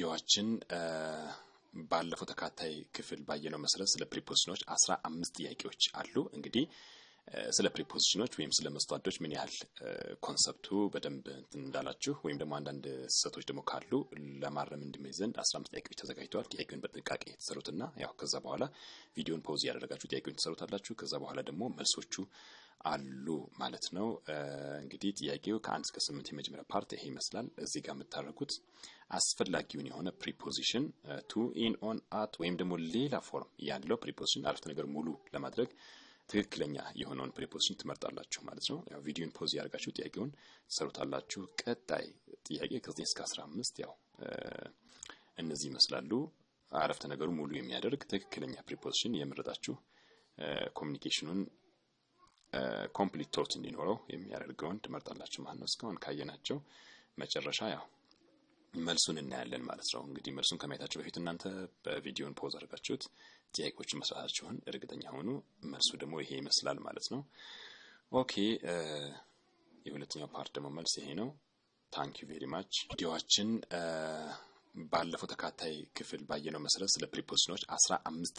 ቪዲዮዎችን ባለፈው ተካታይ ክፍል ባየነው መሰረት ስለ ፕሪፖዚሽኖች አስራ አምስት ጥያቄዎች አሉ። እንግዲህ ስለ ፕሪፖዚሽኖች ወይም ስለ መስተዋዶች ምን ያህል ኮንሰፕቱ በደንብ እንትን እንዳላችሁ ወይም ደግሞ አንዳንድ ስህተቶች ደግሞ ካሉ ለማረም እንድመኝ ዘንድ አስራ አምስት ጥያቄዎች ተዘጋጅተዋል። ጥያቄውን በጥንቃቄ የተሰሩትና ያው ከዛ በኋላ ቪዲዮን ፖዝ ያደረጋችሁ ጥያቄውን ትሰሩታላችሁ። ከዛ በኋላ ደግሞ መልሶቹ አሉ ማለት ነው። እንግዲህ ጥያቄው ከአንድ እስከ ስምንት የመጀመሪያ ፓርት ይሄ ይመስላል። እዚህ ጋር የምታደርጉት አስፈላጊውን የሆነ ፕሪፖዚሽን ቱ፣ ኢን፣ ኦን፣ አት ወይም ደግሞ ሌላ ፎርም ያለው ፕሪፖዚሽን አረፍተ ነገር ሙሉ ለማድረግ ትክክለኛ የሆነውን ፕሪፖዚሽን ትመርጣላችሁ ማለት ነው። ያው ቪዲዮን ፖዝ ያደርጋችሁ ጥያቄውን ትሰሩታላችሁ። ቀጣይ ጥያቄ ከዚህ እስከ 15 ያው እነዚህ ይመስላሉ። አረፍተ ነገሩ ሙሉ የሚያደርግ ትክክለኛ ፕሪፖዚሽን የመረጣችሁ ኮሚኒኬሽኑን ኮምፕሊት ቶት እንዲኖረው የሚያደርገውን ትመርጣላችሁ ማለት ነው። እስካሁን ካየናቸው መጨረሻ ያው መልሱን እናያለን ማለት ነው። እንግዲህ መልሱን ከማየታችሁ በፊት እናንተ በቪዲዮን ፖዝ አድርጋችሁት ጥያቄዎችን መስራታችሁን እርግጠኛ ሆኑ። መልሱ ደግሞ ይሄ ይመስላል ማለት ነው። ኦኬ የሁለተኛው ፓርት ደግሞ መልስ ይሄ ነው። ታንክ ዩ ቬሪ ማች ቪዲዮችን ባለፈው ተካታይ ክፍል ባየነው መሰረት ስለ ፕሪፖዚሽኖች አስራ አምስት